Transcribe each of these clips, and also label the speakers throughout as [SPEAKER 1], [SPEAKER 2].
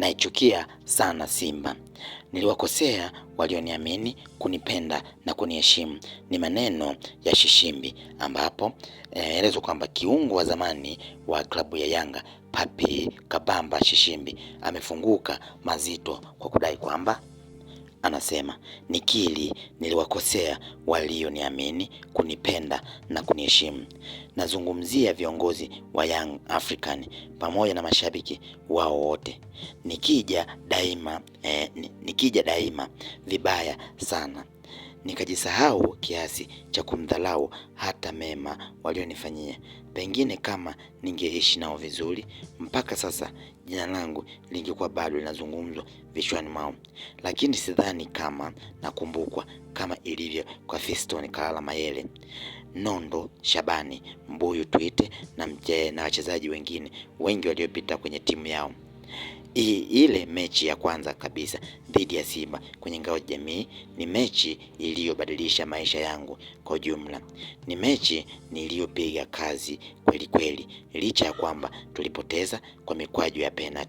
[SPEAKER 1] naichukia sana Simba. Niliwakosea walioniamini, kunipenda na kuniheshimu. Ni maneno ya Shishimbi, ambapo inaelezwa eh, kwamba kiungo wa zamani wa klabu ya Yanga Papi Kabamba Shishimbi amefunguka mazito kwa kudai kwamba Anasema nikili, niliwakosea walioniamini, kunipenda na kuniheshimu. Nazungumzia viongozi wa Young African pamoja na mashabiki wao wote. Nikija daima eh, nikija daima vibaya sana nikajisahau kiasi cha kumdhalau hata mema walionifanyia. Pengine kama ningeishi nao vizuri, mpaka sasa jina langu lingekuwa bado linazungumzwa vichwani mwao, lakini sidhani kama nakumbukwa kama ilivyo kwa Fiston Kalala Mayele, Nondo Shabani, Mbuyu Twite na, na wachezaji wengine wengi waliopita kwenye timu yao hii ile mechi ya kwanza kabisa dhidi ya Simba kwenye ngao jamii ni mechi iliyobadilisha maisha yangu kwa jumla, ni mechi niliyopiga kazi kweli kweli, licha ya kwamba tulipoteza kwa mikwaju ya na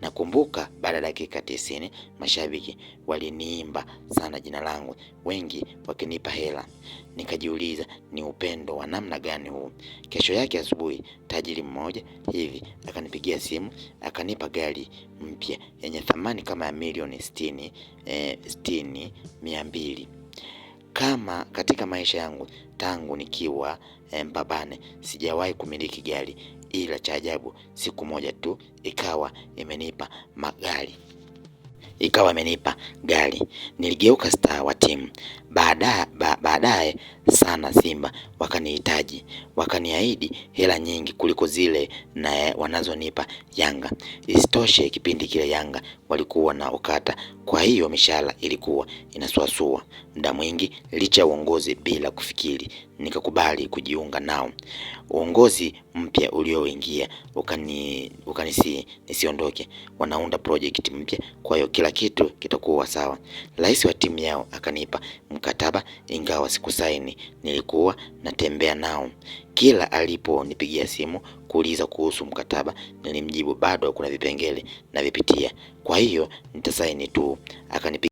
[SPEAKER 1] Nakumbuka baada ya dakika tisini mashabiki waliniimba sana jina langu, wengi wakinipa hela. Nikajiuliza ni upendo wa namna gani huu? Kesho yake asubuhi, tajiri mmoja hivi akanipigia simu akanipa gari mpya yenye thamani kama ya milioni sitini, eh, sitini mia mbili kama katika maisha yangu tangu nikiwa eh, mpabane sijawahi kumiliki gari, ila cha ajabu siku moja tu ikawa imenipa magari ikawa imenipa gari. Niligeuka star wa timu baadaye baadaye sana. Simba wakanihitaji, wakaniahidi hela nyingi kuliko zile na eh, wanazonipa Yanga. Isitoshe, kipindi kile Yanga walikuwa na ukata kwa hiyo mishahara ilikuwa inasuasua muda mwingi licha ya uongozi bila kufikiri. Nikakubali kujiunga nao. Uongozi mpya ulioingia ukani ukanisi nisiondoke, wanaunda project mpya, kwa hiyo kila kitu kitakuwa sawa. Rais wa timu yao akanipa mkataba, ingawa sikusaini. Nilikuwa natembea nao kila aliponipigia simu kuuliza kuhusu mkataba, nilimjibu bado kuna vipengele navipitia, kwa hiyo nitasaini tu. akani